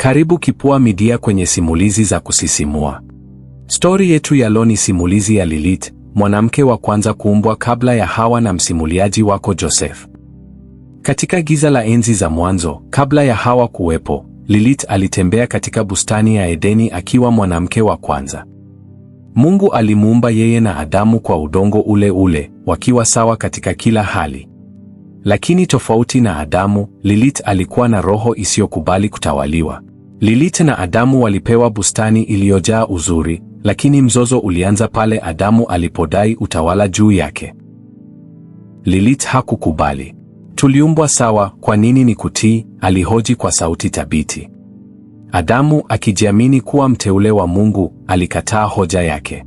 Karibu Kipua Media kwenye simulizi za kusisimua. Stori yetu ya leo ni simulizi ya Lilith, mwanamke wa kwanza kuumbwa kabla ya Hawa na msimuliaji wako Joseph. Katika giza la enzi za mwanzo, kabla ya Hawa kuwepo, Lilith alitembea katika bustani ya Edeni akiwa mwanamke wa kwanza. Mungu alimuumba yeye na Adamu kwa udongo ule ule, wakiwa sawa katika kila hali. Lakini tofauti na Adamu, Lilith alikuwa na roho isiyokubali kutawaliwa. Lilith na Adamu walipewa bustani iliyojaa uzuri, lakini mzozo ulianza pale Adamu alipodai utawala juu yake. Lilith hakukubali. Tuliumbwa sawa, kwa nini ni kutii? Alihoji kwa sauti thabiti. Adamu akijiamini kuwa mteule wa Mungu, alikataa hoja yake.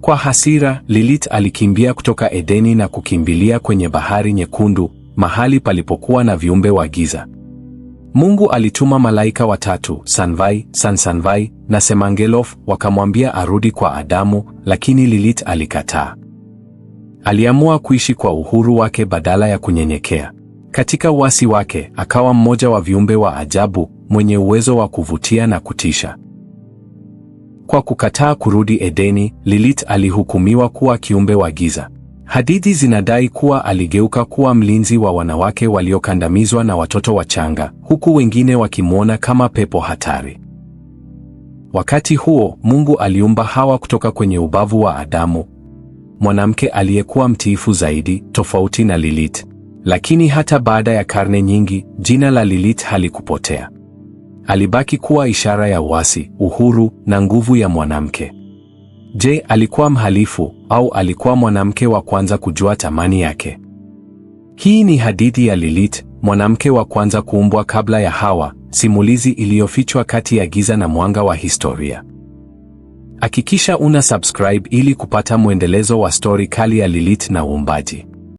Kwa hasira, Lilith alikimbia kutoka Edeni na kukimbilia kwenye bahari nyekundu, mahali palipokuwa na viumbe wa giza. Mungu alituma malaika watatu, Sanvai, Sansanvai na Semangelof, wakamwambia arudi kwa Adamu, lakini Lilith alikataa. Aliamua kuishi kwa uhuru wake badala ya kunyenyekea. Katika uasi wake, akawa mmoja wa viumbe wa ajabu, mwenye uwezo wa kuvutia na kutisha. Kwa kukataa kurudi Edeni, Lilith alihukumiwa kuwa kiumbe wa giza. Hadithi zinadai kuwa aligeuka kuwa mlinzi wa wanawake waliokandamizwa na watoto wachanga, huku wengine wakimwona kama pepo hatari. Wakati huo, Mungu aliumba Hawa kutoka kwenye ubavu wa Adamu, mwanamke aliyekuwa mtiifu zaidi, tofauti na Lilith. Lakini hata baada ya karne nyingi, jina la Lilith halikupotea. Alibaki kuwa ishara ya uasi, uhuru na nguvu ya mwanamke. Je, alikuwa mhalifu au alikuwa mwanamke wa kwanza kujua thamani yake? Hii ni hadithi ya Lilith, mwanamke wa kwanza kuumbwa kabla ya Hawa, simulizi iliyofichwa kati ya giza na mwanga wa historia. Hakikisha una subscribe ili kupata mwendelezo wa stori kali ya Lilith na uumbaji.